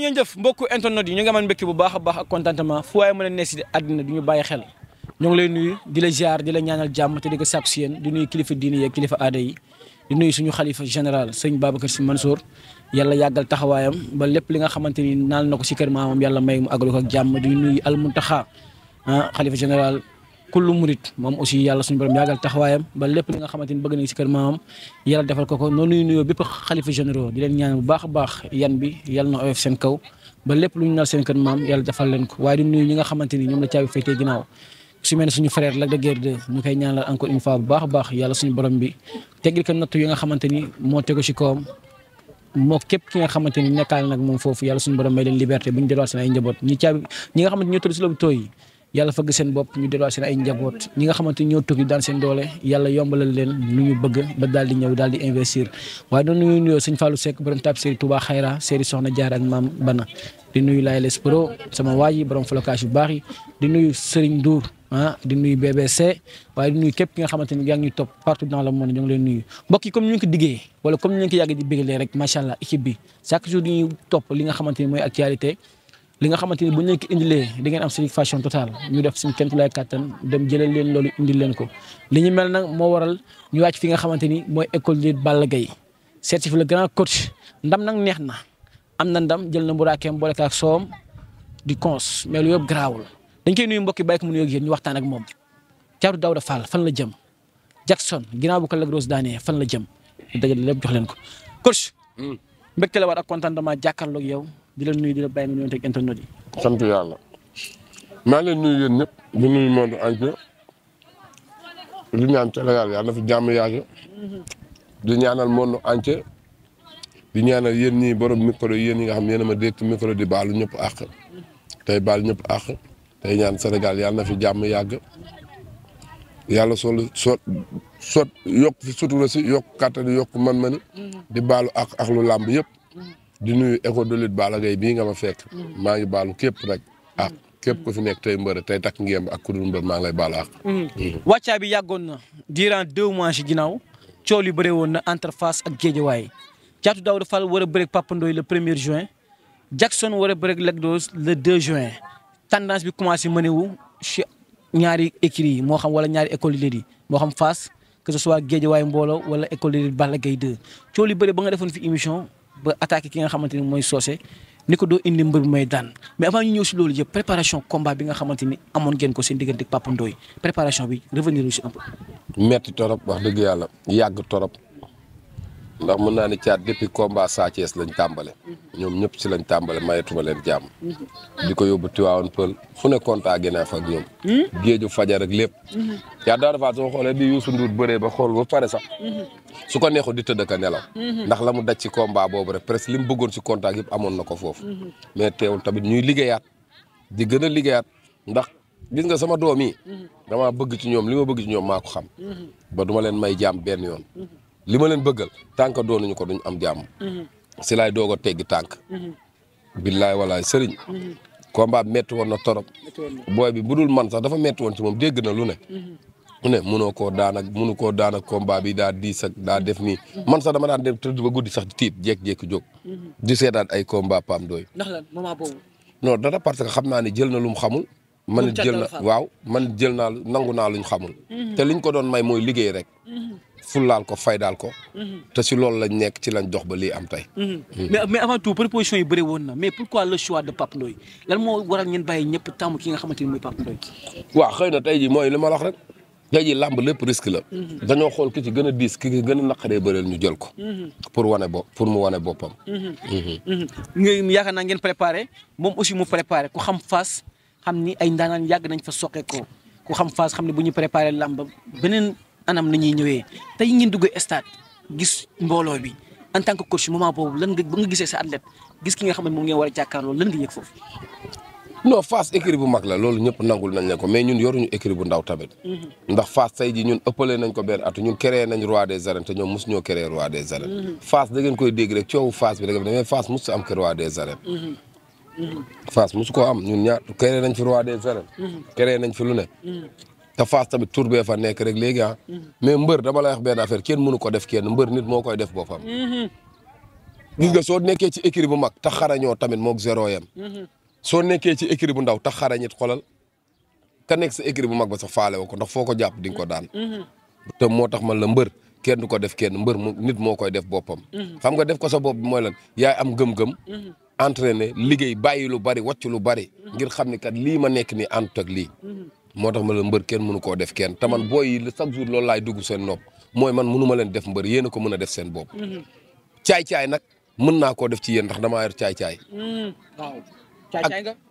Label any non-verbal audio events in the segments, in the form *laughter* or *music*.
ngeen jëf mbokku internet yi ñu ngi man mbégte bu baax a baax ak contentement fu waaye mën a ne si àddina du ñu bàyyi xel ñoo ngi lay nuyu di la ziar di la ñaanal jàmm te di ko sàkku si yéen di nuyu kilifa diini yeeg kilifa aada yi di nuyu suñu xalifa général sëñ Babacar Sy Mansour yàlla yàggal taxawaayam ba lépp li nga xamante ni naal na ko si kër maamam yàlla may mu àggalu ko ak jàmm di nuyu Al xaa ah xalifa général kullu murit moom aussi yàlla suñu borom yàggal taxawaayam ba lépp li nga xamante ni bëgg nañ si kër maamam yàlla defal ko ko noonu ñuy nuyoo bépp xalifa généraux di leen ñaan bu a baax yan bi yàlla na lépp lu ñu nal seen kër maam yàlla defal leen ko waaye di nuyu ñi nga xamante ni ñoom la caabi féetee ginnaaw su mel ne suñu frère Lac de Guiers 2 ñu bi teggil yi nga xamante ni moo tegu si kawam moo képp ki nga xamante ni nekkaal nag moom foofu yàlla suñu borom may liberté bu ñu delluwaat seen ay njaboot ñi nga xamante ñoo tëdd si lopitaan yi yàlla fëgg seen bopp ñu delluwaat seen ay njaboot ñi nga xamante ni ñoo tukki daan seen doole yàlla yombalal leen lu ñu bëgg ba daal di ñëw daal di investir waaye doon nuyu nuyoo sëñ Fallou Seck borom tab série Touba Xayra série Soxna Jaar ak di nuyu Laye Les sama waa borom flocage yu baax yi di nuyu Serigne Ndour ah, waaye di nuyu képp ki nga xamante ni yaa ngi ñuy topp partout dans le monde ñu ngi leen nuyu mbokk comme ñu ngi ko diggee wala comme ñu ngi ko yàgg di bégalee rek macha allah équipe chaque jour dañuy topp li nga xamante ni mooy actualité li nga xamante ni bu ñu leen ko indilee di ngeen am satisfaction totale ñu def suñu kéem tolluwaay kàttan dem jëlee leen loolu indil leen ko. li ñu mel nag moo waral ñu wàcc fi nga xamante ni mooy école de Balla Gaye certifié le grand coach ndam nag neex na am na ndam jël na mburaakeem boole ak soom di cons mais lu yëpp garaawul dañ koy nuyu mbokki yi bàyyi ko mu nuyoog yéen ñu waxtaan ak moom. Thiatou Daouda Fall fan la jëm Jackson ginnaaw bu ko Lac Rose daanee fan la jëm dëgg la lépp jox leen ko coach. Hmm. mbégte la war ak contentement jàkkaarloog yow. di la nuyu di la bàyyi nga ñëw teg internet yi. sant yàlla maa leen nuyu yéen ñëpp di nuyu monde entier di ñaan Sénégal yàlla na fi jàmm yaajo di ñaanal monde entier di ñaanal yéen ñii borom micro yéen ñi nga xam yéen ma dégg micro di baalu ñëpp àq tey ñëpp àq tey ñaan na fi jàmm yàgg yàlla solo sot sot yokk fi sutura si yokk kàttan yokk man-mani di baalu àq ak lu làmb yépp di nuyu école de lutte Balla Gaye bii nga ma fekk. Mm. maa ngi baalu képp nag ak ah, mm. képp ku fi nekk tey mbër tey takk ngéem ak ku mbër maa ngi lay ak. Mm. wàccaa bi yàggoon na durant deux mois ci ginnaaw yi li woon na entre Fass ak Guédiawaye Caatu Daouda Fall war a bëreeg Papa Ndoye le premier juin Jackson war a bëreeg Lac Rose le deux juin tendance bi commencé mënewu ci ñaari écuries yi moo xam wala ñaari école de yi moo xam Fass que ce soit Guédiawaye mbooloo wala école de lutte Balla Gaye ba nga defoon fi émission. ba attaqué ki nga xamante ni mooy Socé ni ko doo indi mbër may daan mais avant ñu ñëw si loolu yëpp préparation combat bi nga xamante ni amoon ngeen ko seen diggante Papa Ndoye préparation bi revenir aussi un peu. metti torop wax dëgg yàlla yàgg torop ndax mën naa ni caat depuis combat Sa Thiès lañ tàmbale mhm. ñoom ñëpp si lañ tàmbale mayetuma leen jàmm mhm. di ko yóbbu Tiwaawan Pël fu ne contact gënaa fa ak ñoom hmm? géeju fajar ak lépp mhm. yaa daa dafa soo xoolee bi Youssou Ndour bëree ba xool ba pare sax su ko neexul di tëdd ka nelaw ndax la mu daj ci combat boobu rek presque li mu bëggoon si contact yëpp amoon na ko foofu mais teewul tamit ñuy liggéeyaat di gën a liggéeyaat ndax gis nga sama doom yi dama bëgg ci ñoom li ma bëgg ñoom maa ko xam ba duma leen may jàmm benn yoon li ma leen bëggal tànk doonuñu ko duñ am jàmm. Mhm. si laay doog a teggi tànk. Mhm. billaay walaay sëriñ. Mhm. combat metti woon na torop. booy bi bu dul man sax dafa metti woon ci moom dégg na lu ne. mu ne munoo ko daan ak munu koo daan ak combat bi daa diis ak daa def nii. man sax dama daan dem tëdd ba guddi sax tiit jékki-jékki jog di seetaan ay combat Pam Ndoye. ndax lan moment parce que xam naa ne jël na lu mu xamul. man jël na waaw man jël naa nangu naa luñ xamul. te liñ ko doon may mooy liggéey rek. fullaal ko faydaal ko. Mhm. te si loolu lañ nekk ci lañ dox ba lii am tey. Mhm. Mhm. mais mais avant tout proposition yi bëri woon na mais pourquoi le choix de Pape Ndoye lan moo waral ngeen bàyyi ñëpp tàmm ki nga xamante ni mooy Pape Ndoye. waaw xëy na tey jii mooy li ma wax rek. tey jii làmb lépp risque la. dañoo xool ki ci gën a diis ki gën a naqaree bëreel ñu jël ko. pour wane boppam. ngeen naa ngeen préparé moom aussi mu préparé ku xam Fass xam ni ay ndaanaan yàgg nañ fa soqeekoo ku anam la ñuy ñëwee tey ngeen dugg stade gis mbooloo bi en tant que coach moment boobu lan nga ba nga gisee sa gis ki nga xam ne moom ngeen war a jàkkaarloo lan nga yëg foofu. non Fass écurie bu mag la loolu ñëpp nangul nañ ne ko mais ñun yoruñu écurie bu ndaw tamit. Mhm. ndax Fass tey jii ñun ëppale nañ ko benn at ñun créé nañ roi des arènes te ñoom mos ñoo créé roi des arènes. Mhm. Fass da koy dégg rek coowu Fass bi da ngeen ko mais Fass mos am mhm. am ñun ñaar créé nañ fi des arènes. fi lu ne. te Fass tamit tur bee fa nekk rek léegi a ah. mhm. mais mbër dama la wax benn affaire kenn mënu ko def kenn mbër nit moo koy def boppam. Mhm. gis nga soo nekkee ci écurie bu mag tax xarañoo tamit moog zéro yem. Mhm. soo nekkee ci écurie bu ndaw tax xarañit xolal ka nekk sa écurie bu mag ba sax faale woo ko ndax foo ko jàpp di nga ko daan. te moo tax man la mbër kenn du ko def kenn mbër nit moo koy def boppam. xam nga def ko sa bopp bi mooy lan yaay am gëm-gëm. entraîner liggéey bàyyi lu bari wàcc lu bari. ngir xam ni kat lii ma nekk nii àndut ak lii. moo tax ma la mbër kenn mënu koo def kenn te man booy yi chaque jour loolu laay dugg seen nopp mooy man mënu ma leen def mbër yéen ko mën a def seen bopp. Mhm. caay-caay nag mën naa koo def ci yéen ndax damaa yor caay-caay. Mhm. waaw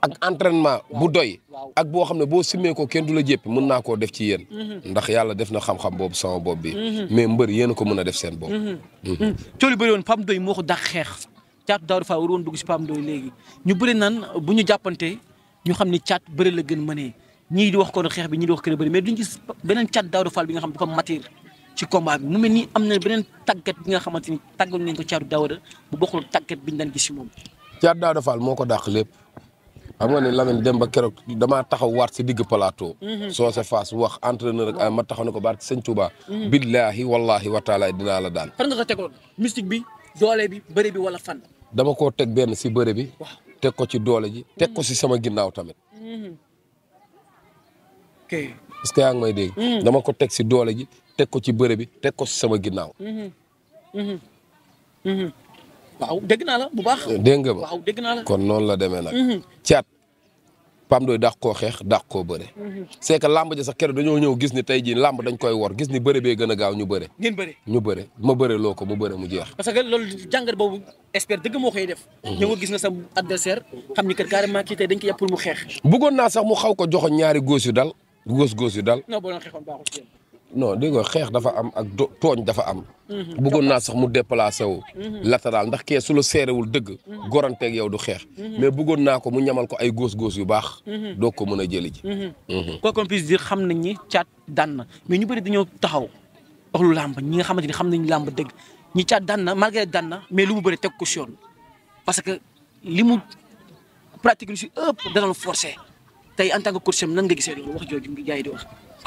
ak entraînement bu doy. ak boo xam ne boo simmee ko kenn du la jéppi mën naa koo def ci yéen. Mhm. ndax yàlla def na xam-xam boobu sama bopp bi. mais mbër yéen a ko mën a def seen bopp. coono bëri woon Pape Ndoye moo ko dàq xeex caatu Daouda Fall waroon dugg si Pape Ndoye léegi ñu bëri naan bu ñu jàppante ñu xam ne caat bëri la gën mënee ñii di wax kon xeex bi ñii di wax kër bëri mais duñ gis beneen cat Daouda Fall bi nga xam dafa matir ci combat bi mu mel ni am na beneen tàggat bi nga xamante ni tàggat nañ ko caatu Daouda bu bokkul tàggat biñ daan si moom. caat Daouda Fall moo ko dàq lépp xam nga ne Lamine dem ba keroog damaa taxaw waat si digg plateau. Mhm. soo sa faas wax entraîneur ak ma taxaw ne ko barke sëñ Touba. Mhm. billahi wallahi wa taala dinaa la daan. fan nga ko tegoon mystique bi doole bi bëre bi wala fan. dama koo teg benn si bëre bi. teg ko ci doole ji. teg ko si sama ginnaaw tamit. Mhm. ok parce que yaa ngi may dégg. Mm. dama ko teg si doole ji teg ko ci bëre bi teg ko si sama ginnaaw. Mm-hmm. Mm-hmm. Mm-hmm. waaw dégg naa la bu baax. dégg nga ma waaw dégg naa la. kon noonu la demee nag. caat Pam doy dàq koo xeex dàq koo bëre. c'est que làmb ja sax keroog dañoo ñëw gis ni tey jii làmb dañ koy wor gis ni bëre bee gën a gaaw ñu bëre. ngeen ñu bëre ma bëre loo ko mu bëre mu jeex. parce que loolu jàngat boobu expert dëgg moo koy def. ñëw nga gis nga sa adversaire xam ni kat carrément kii tey dañ ko yàpp pour mu xeex. bëggoon naa sax mu xaw ko joxoon ñaari góos yu dal. góos goos yu daal. non boo doon xeexoon xeex dafa am ak tooñ dafa am. Mhm. bëggoon naa sax mu déplacé wu. Mhm. latéral ndax kee su la seerewul dëgg. Mhm. goranteeg yow du xeex. mais bëggoon naa ko mu ñamal ko ay goos goos yu baax. doo ko mën a jël ji. quoi qu'on puisse dire xam nañ ni ñu bëri dañoo taxaw wax lu làmb ñi nga xamante ni xam nañ làmb dëgg ñi caat daan na malgré daan na mais lu mu bëri teg ko si yoon parce que li mu pratique lu si ëpp dana forcé tey en tant que coach nan nga gisee loolu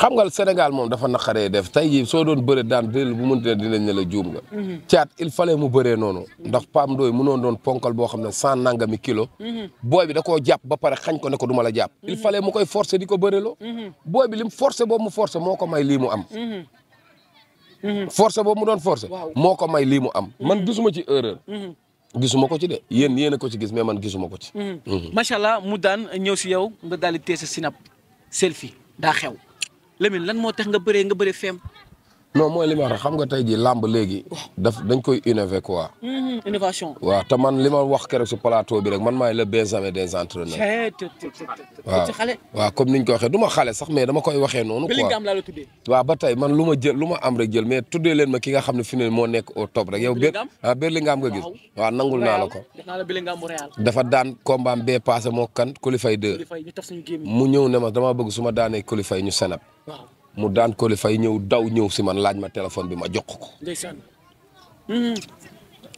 xam nga Sénégal moom dafa naqaree def tey jii soo doon bëree daan déll bu mënti ne dinañ ne la juum nga. Mhm. caat il fallait mu bëree noonu. ndax Pam Ndoye mënoon doon ponkal boo xam ne cent nangami kilo. Mhm. booy bi da koo jàpp ba pare xañ ko ne ko du ma la jàpp. il mhm. fallait mu koy forcer di ko bëreloo. booy bi lim forcer boobu mu forcer moo ko may lii mu am. forcer boobu mu doon forcer. moo ko may lii mu am. man gisuma ci erreur. gisuma ko ci de yéen yéen a ko ci gis mais man gisuma ko ci. Mm. Mm-hmm. allah mu daan ñëw si yow nga daal di tees a sinap selfie daa xew lamin lan moo tax nga bëree nga bëree feem. non mooy li ma wax xam nga tey jii làmb léegi. daf dañ koy innover quoi. Mm-hmm, innovation. waaw te man li ma wax keroog si plateau bi rek man maay le benjamin des entraîneurs. waaw waaw comme niñ ko waxee du ma xale sax mais dama koy waxee noonu. quoi am laa la tuddee. waaw ba tey man lu ma jël lu ma am rek jël mais tuddee leen ma ki nga xam ne fi ne moo nekk o top rek yow. Bellingham ah Bellingham nga gis. waa nangul naa la ko. dafa daan combat bee passé moo kan qualifié deux. mu ñëw ne ma dama bëgg su ma daanee qualifié ñu senab. mu daan Coly fay ñëw daw ñëw si man laaj ma téléphone bi ma jox ko.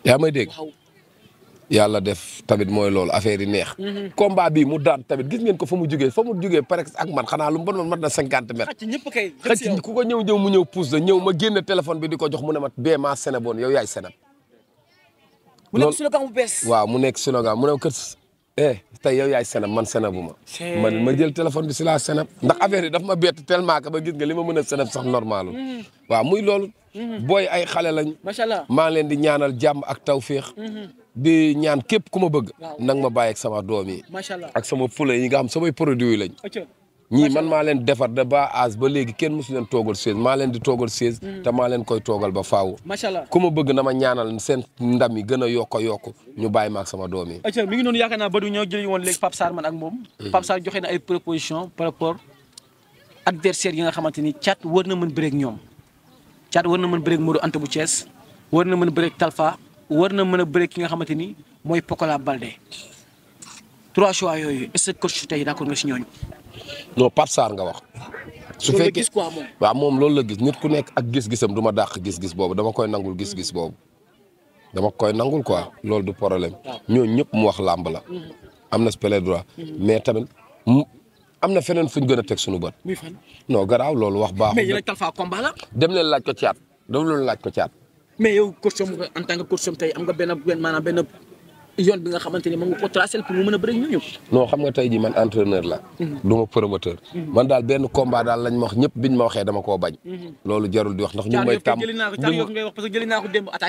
yaa may dégg. yàlla def tamit mooy loolu affaire yi neex. Mhm. combat bi mu daan tamit gis ngeen ko fa mu jugee foo mu jugee pare ak man xanaa lu mu bon man mat na cinquante mètres. ñëpp kay xëcc ku ko ñëw ñëw mu ñëw pousse la ñëw ma génne téléphone bi di ko jox mu ne ma bee maa Sénégal yow yaay Sénégal. mu nekk slogan waaw mu nekk slogan mu ne eh tey yow yaay senab man senabu ma man ma jël téléphone bi si laa senab ndax affaire yi daf ma bett tellement que ba gis nga li mën a senab sax normalul mm-hmm. waaw muy loolu mm-hmm. booy ay xale lañ macha maa leen di ñaanal jàmm ak tawféex mm-hmm. di ñaan képp ku ma bëgg nang ma bàyyi ak sama doom yi macha allah ak sama fule yi nga xam samay produit yi lañ ñii man maa leen defar de ba aas ba léegi kenn mosu leen toogal chaise maa leen di toogal chaise. Mm. te maa leen koy toogal ba faaw. macha ku ma bëgg na ma ñaanal seen ndam yi gën a yokk yokk ñu bàyyi ma ak sama doom yi. ayca mi ngi noonu yaakaar naa ba du ñëw jëli woon léegi Pape Sarr man ak moom. Mm. Pape Sarr joxe na ay proposition par rapport adversaire yi nga xamante ni Thiat war na mën bëreek ñoom Thiat war na mën bëreeg Modou Anta bu Thiès war na mën bëreeg Talfa war na mën a bëreeg ki nga xamante ni mooy Pokola Balde trois choix yooyu est-ce que coach tey d'accord si ñooñu non Pape Sarr nga wax. su fekkee waa moom loolu la gis nit ku nekk ak gis-gisam du ma dàq gis-gis boobu dama koy nangul gis-gis boobu. dama koy nangul quoi loolu du problème ah. ñoo ñëpp mu wax làmb la. Mm-hmm. am na spele droit mm-hmm. mais tamit mu am na feneen fuñ gën a teg suñu bët. muy fan non garaaw loolu wax baaxul. mais yéen Talfa combat la. ko caat dem leen laaj ko caat. mais yow yoon bi nga xamante ni mën nga ko tracé pour mu mën a bëri ñu non xam nga tey ji man entraîneur la mhm. du ma promoteur mhm. man daal benn combat daal lañ ma wax ñëpp biñ ma waxee dama koo bañ mhm. loolu jarul di wax ndax ñu ngi may tàmb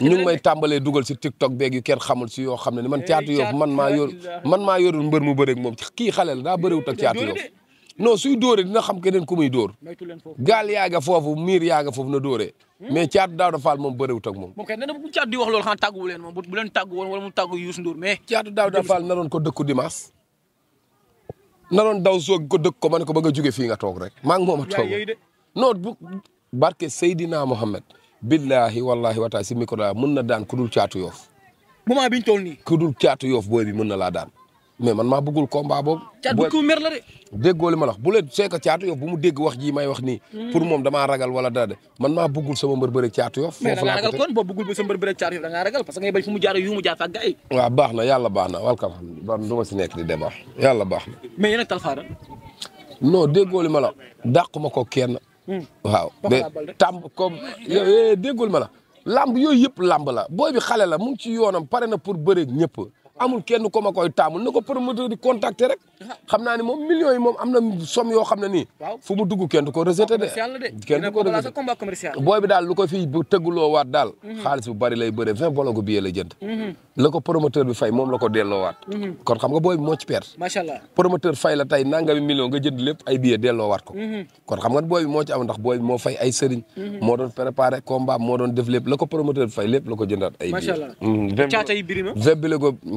ñu ngi tàmbalee dugal si TikTok beeg yu kenn xamul si yoo xam ne ni man caatu eh, yoof man maa yor man maa yorul mbër mu bëreeg moom kii xale la daa bëriwut ak caatu yoof non suy dóoree dina xam keneen ku muy dóor. gaal yaa nga foofu miir yaa nga foofu na dóoree. Hmm? mais Thiatou Daouda Fall moom bëriwut ak moom. moom kay nee na bu Thiatou di wax loolu xanaa tàgguwu leen moom bu leen tàggu woon wala mu tàggu Youssou daw soog ko dëkk ko ma ne ko ba nga jóge fii nga toog rek maa ngi moom a toog non bu barke Seydina Mohamed. billahi wallahi wataay si micro laa mën na daan ku dul Thiatou Yoff. moment biñ toll nii. ku dul Thiatou Yoff booy bi na laa daan mais man maa bëggul combat boobu. caat ah, bu mer la de. déggoo li ma wax bu leen seeka caatu yof bu mu dégg wax ji may wax nii. Hmm. pour moom damaa ragal wala dara de man maa bëggul sama mbër bëre caatu yof. foofu laa ko teg ba sa caatu yof da yàlla baax na walhamdulilah du ma si baax na. mais yéen ak Talfa non déggoo li la dàq ma ko kenn. Hmm. waaw de tàmb comme eh, déggoo ma la. làmb yooyu yëpp làmb la booy bi xale la mu ngi ci pare na pour bëre ñëpp amul kenn ko ma koy taamul na ko promoteur di contacter rek xam naa ne moom millions yi moom am na somme yoo xam ne nii fu mu dugg kenn du ko rejeté de kenn du ko rejeté booy bi daal lu ko bu tëgguloo waat daal mhm. xaalis bu bari lay bëre vingt bolo ko billet la jënd mhm. la ko promoteur fay la ko delloowaat mhm. kon xam nga booy bi la tey nangami million nga jënd lépp ay billet delloowaat ko kon xam nga booy bi moo ci am ndax booy bi moo fay ay sëriñ moo doon préparé ko promoteur bi fay lépp la ko jëndaat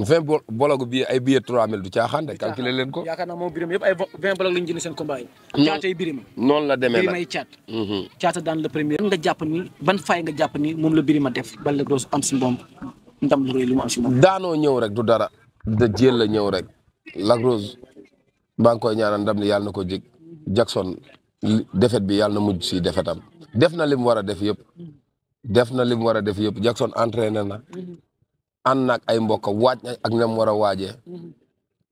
vingt bo bologu ay billet trois mille du caaxaan de calculer leen ko. yaakaar naa moom birim yëpp ay vingt bolog lañ jënd seen combat yi. caatay birim. noonu la demee nag birim ay caat. Mhm. caata daan la premier. nga jàpp ni ban fay nga jàpp ni moom la birima def. bala grosse am si moom ndam lu rëy lu daanoo ñëw rek du dara. da jéel la ñëw rek. Lac maa ngi koy ñaanal ndam li yàlla na ko jig Jackson defet bi yàlla na mujj si defetam def na li mu war a def yëpp def na li mu war a def yëpp Jackson entraîné na mhm. ànd naag ay mbokk waaj ak ñam war a waajee mm-hmm.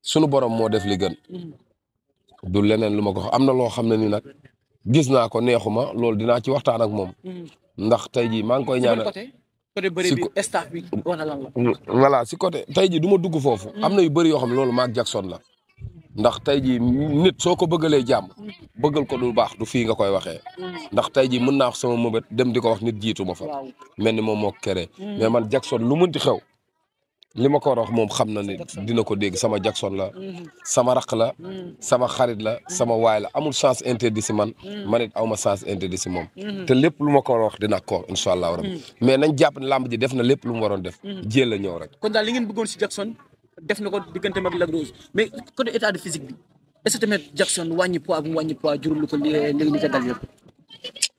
sunu borom moo def li gën mm-hmm. du leneen lu ma ko wax am na loo xam ne ni nag gis naa ko neexuma loolu dinaa ci waxtaan ak moom mm-hmm. ndax tey jii maa ngi koy ñaan côté bëri bi staff bi wala mm, si côté tey jii du ma dugg foofu. am na yu bëri yoo xam ne loolu maag Jackson la. ndax tey jii nit soo ko bëggalee jàmm. bëggal ko du baax du fii nga koy waxee. ndax tey jii mën naa wax sama mëbët dem di ko wax nit jiitu ma fa. mel ni moom moo kere. mais man Jackson lu mënti xew. li ma ko wax moom xam na ne dina ko dégg sama Jackson la mm-hmm. sama raq la mm-hmm. sama xarit la mm-hmm. sama waay la amul sens interdit si man man it aw ma sens interdit si moom te lépp lu ma ko wax dina ko incha allah rabbi mais nañ jàpp ne làmb ji def na lépp lu mu waroon def jéel la ñëw rek kon daal li ngeen bëggoon si Jackson def na ko diggante mag Lac Rose mais côté état de physique bi est-ce que tamit Jackson wàññi poids bu wàññi poids jurul lu ko li li ko dal yëpp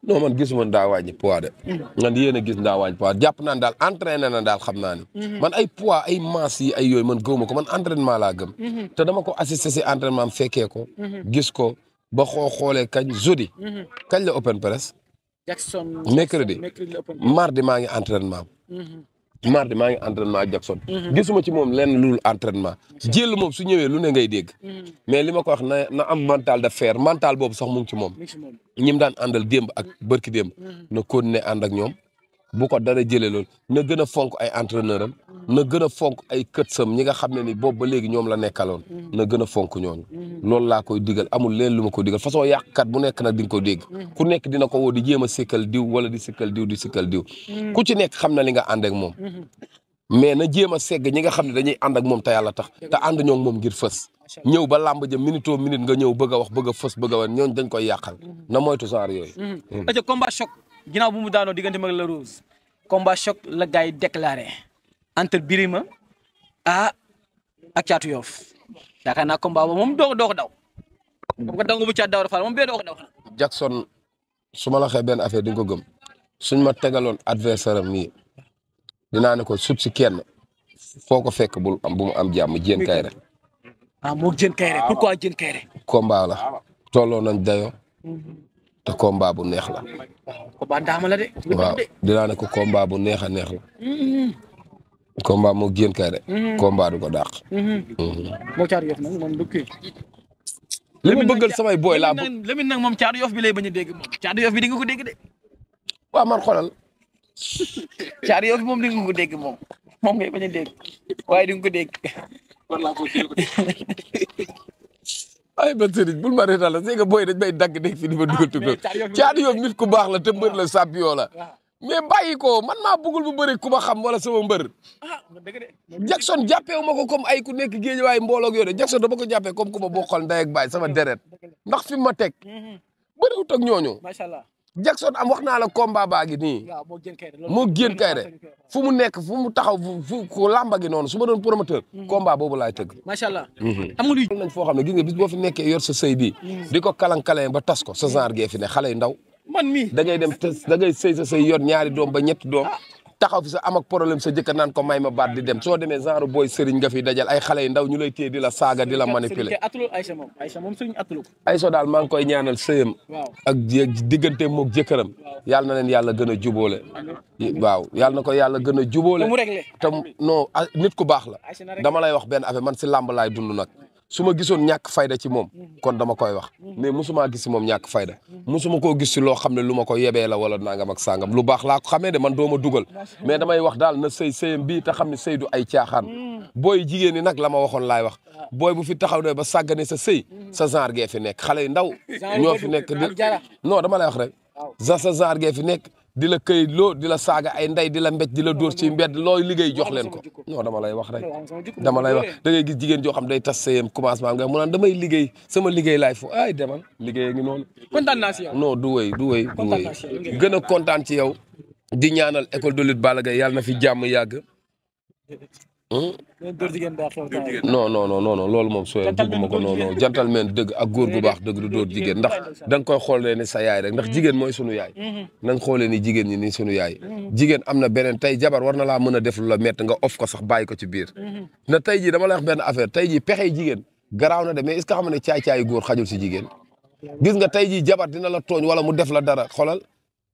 no man gisuma daa wàññi poids de. Mm-hmm. man yéen a gis daa wàññi poids jàpp naan daal entraîné na daal xam naa ni. Mm-hmm. man ay poids ay masse yi ay yooyu man gëwuma ko man entraînement laa gëm. Mm-hmm. te dama ko assisté si entraînement am fekkee ko. gis ko ba xoo xoolee kañ jeudi. kañ la open press. Jackson mercredi mardi maa ngi entraînement am. mardi maa ngi entraînement Jackson. Mhm. gisuma ci moom lenn lu entraînement. jël moom su ñëwee lu ne ngay dégg. Mhm. mais li ma ko wax na na am mental de fer mental boobu sox mu ci moom. ñim daan àndal démb ak mhm. bërki démb. na continuer ànd ak ñoom. bu ko dara jëlee loolu na gën a fonk ay entraîneur am na gën a fonk ay kët sam ñi nga xam ne ni boobu ba léegi ñoom la nekkaloon mm-hmm. na gën a fonk ñooñu mm-hmm. loolu laa koy digal amul leen lu ma koy digal façon yàqkat bu nekk nag di ko dégg mm-hmm. ku nekk dina ko woo di jéem a sikkal diw wala di sikkal diw di sikkal diw ku ci nekk xam na li ga ànd ak moom na jéem a segg ñi nga xam ne dañuy ànd ak moom te yàlla tax te ànd ñoo moom ngir fës ñëw ba làmb ja minute au minute nga ñëw bëgg a wax bëgg a fës bëgg a wan ñooñu dañ koy yàqal na moytu genre yooyu combat choc la rose combat choc la gars entre Birima ah ak Caatu Yoff yaakaar naa combat boobu ko doo bu caat daw dafa moom bee doo daw. Jackson su ma la waxee benn affaire di ko gëm suñ ma tegaloon adversaire am nii ne ko sut si kenn foo bul am bu mu am jàmm Diène Kaïré. ah moo Diène Kaïré pourquoi Diène Kaïré. combat la tolloo nañ dayoo. te combat bu neex la. combat daama ko combat bu neex a neex combat moo génn kay de. Mhm. ko dàq. Mhm. Mhm. moo caar yof li mu bëggal samay booy laa bëgg. Lamine nag moom caar yof bi lay bañ a dégg moom caar yof bi di nga ko dégg de. waaw man xoolal. *laughs* caar yof bi moom di nga ko dégg moom moom ngay bañ a waaye di nga ko dégg. war laa *laughs* ay ba bul ma reetal la c'est que booy dañ dagg nekk fi di ma dugal tugal caar yof nit ku baax la te mbër la champion la. mais bàyyi ko man maa bëggul bu bëri ku ma xam wala sama mbër. ah dëgg de. Jackson jàppee wu ma ko comme ay ku nekk géej waaye mbooloo ak yooyu Jackson dama ko jàppee comme ku ma bokkal ndey ak baay sama deret ndax fi ma teg. Mhm. bëriwut ak ñooñu. macha allah Jackson am wax naa la combat baa gi nii. waaw moo gën kay de moo gën kay de fu mu nekk fu mu taxaw fu ku làmba gi noonu su ma doon promoteur. Mhm. combat boobu laay tëgg. macha allah. Mhm. am nga xam ne gis nga bis fi nekkee yor sa sëy bi. di ko kalan kalan ba tas ko sa genre gee fi ne xale yu ndaw man mii da dem te da ngay sëy sa sëy yor ñaari doom ba ñetti doom ah. taxaw fi sa am problème sa jëkkër naan ko may ma baat di dem soo demee genre booy sëriñ nga fi dajal ay xale yu ndaw ñu lay téye di la saaga di la manipuler Aïcha moom Aïcha moom sëriñ atulu Aïcha daal maa ngi koy ñaanal sëyam ak diggante moog jëkkëram yàlla na leen yàlla gën a jubóole waaw yàlla na ko yàlla gën a jubóole te non nit ku baax la dama lay wax benn affaire man si làmb laay dund nag su ma gisoon ñàkk fayda ci moom mm-hmm. kon dama koy wax mm-hmm. mais mosumaa gis moom ñàkk fayda mosuma mm-hmm. koo gis si loo xam ne lu ma ko yebee la wala nangam ak sangam lu baax laa ko xamee de man doo dugal mais damay wax daal na sey sëyam bii te xam ne sëy du ay caaxaan booy jigéen ñi nag la ma waxoon laay wax ah. booy bu fi taxaw ne ba sàggane sa sey sa genre gee fi nekk xale yu ndaw ñoo fi nekk non dama lay wax rek sa sa genre gee fi nekk di la këyit loo di la saaga ay ndey di la mbéj di la dóor ci mbedd looy liggéey jox leen ko non dama lay wax rek dama lay wax da ngay gis jigéen joo xam day tas sëyam commencement nga mu naan damay liggéey sama liggéey laay fu ay demal liggéey ngi noonu kontaan si yow du wéy du wéy du wéy gën a kontaan ci yow di ñaanal école de lutte Balla Gaye yàlla na fi jàmm yàgg no non non non loolu moom sooy bugguma ko non non gentleman dëgg ak góor gu baax dëgg du dóor jigéen ndax da nga koy xoolee ni sa yaay rek ndax mm-hmm. jigéen mooy sunu yaay mm-hmm. na nga xoolee ni jigéen ñi ni sunu yaay mm-hmm. jigéen am na beneen tey jabar war na la mën a def lu la mett nga of ko sax bàyyi ko ci biir na tey jii dama lay benn affaire tey jii pexey jigéen garaaw na de mais est-ce que xam ne caay-caay góor xajul si jigéen gis nga tey jii jabar dina la tooñ wala mu def la dara xolal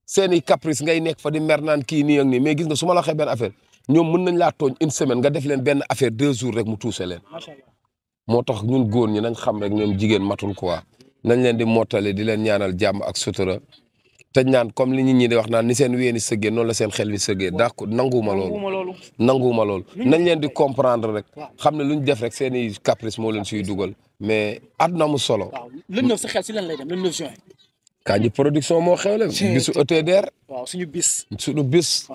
seeni caprice ngay nekk fa di mer naan kii nii ak nii mais ma la waxee benn affaire ñoom mën nañ laa tooñ une semaine nga def leen benn affaire deux jours rek mu tuuse leen moo tax ñun góor ñi nañ xam rek ñoom jigéen matul quoi nañ leen di mottali di leen ñaanal jàmm ak sutura te ñaan comme li nit ñi di wax naan ni seen wéeni sëggee noonu la seen xel mi sëggee nangu ko nanguwuma loolu nanguwuma loolu nañ leen di comprendre rek xam ne lu ñu def rek seen i caprice moo leen suy dugal mais àdduna mu solo le 9 sa xel si lan lay dem le 9 juin Kandji production moo xewle bisu ETDR waaw suñu bis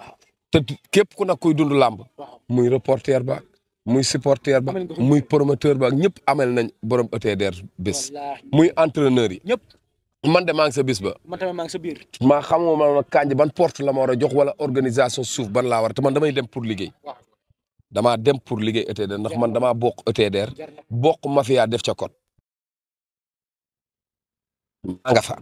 te képp ku nag kuy dund làmb muy reporter ba muy supporter ba muy promoteur ba ñëpp amel nañ borom ETDR bés muy entraîneur yi ñëpp man de maa sa bis ba ma tamit maa ngi sa biir maa xamoo ma kànj ban porte la ma war a jox wala organisation suuf ban laa war a te man damay dem pour liggéey damaa dem pour liggéey ETDR ndax man damaa bokk ETDR bokk mafia def ca kot maa nga fa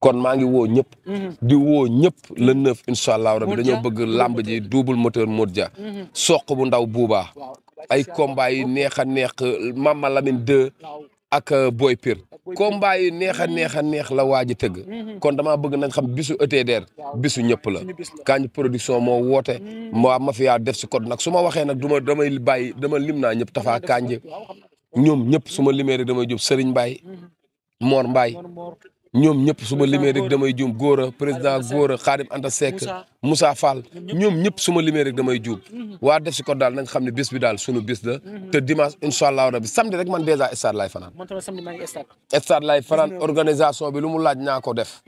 kon maa ngi woo ñëpp. Mhm. di woo ñëpp la neuf incha allahu rabi dañoo bëgg làmb ji double moteur Modja. Mhm. soq bu ndaw buubaa ay combat yi neex a neex Mama Lamine 2 euh, ak Boy Pire. combat yi neex a mhm. neex a neex la waa ji tëgg. kon damaa bëgg nañ xam bisu ETDR bisu ñëpp la. Kandji production moo woote. ma mafia def si code nag su ma waxee nag du ma damay bàyyi dama lim naa ñëpp Tafa Kandji ñoom ñëpp su ma limee rek damay jub Serigne Mbaye Mor Mbaye ñoom ñëpp suma ma rek damay juum Gora président Gora Xaadim Anta Seck Moussa faal ñoom ñëpp suma ma rek damay juum waa def si ko daal nag xam ne bés bi daal sunu bés la mm-hmm. te dimanche incha allahu rabi samedi rek man dèjà stade laay fanaan. man tamit samedi maa ngi laay fanaan organisation bi lu mu laaj naa ko def.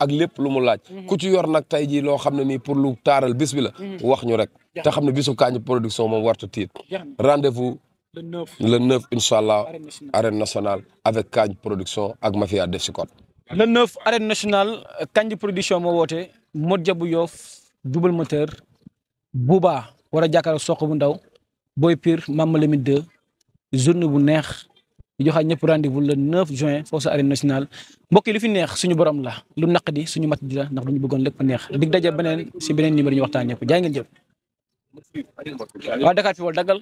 ak lépp lu mu laaj. Mm-hmm. ku yor nag tey jii loo xam ne nii pour lu taaral bés la. Mm-hmm. wax ñu rek te xam ne bésu Kandji production moom warta tiit rendez-vous. le 9 incha allah arène nationale avec Kandji production ak Mafia Defsi Code le 9 arène nationale Kandji production moo woote Modou Dia bu Yoff double moteur Bouba war a jàkkaarloo soq bu ndaw Boy Pire Mama Lamine 2 journée bu neex di joxaat ñëpp rendez-vous le 9 juin foofu sa arène nationale mbokk yi lu fi neex suñu borom la lu naq di suñu mat di la ndax duñu bëggoon lépp neex dig daje beneen si beneen numéro ñu waxtaan ñëpp jaay ngeen jëf waa Dakar fi wal daggal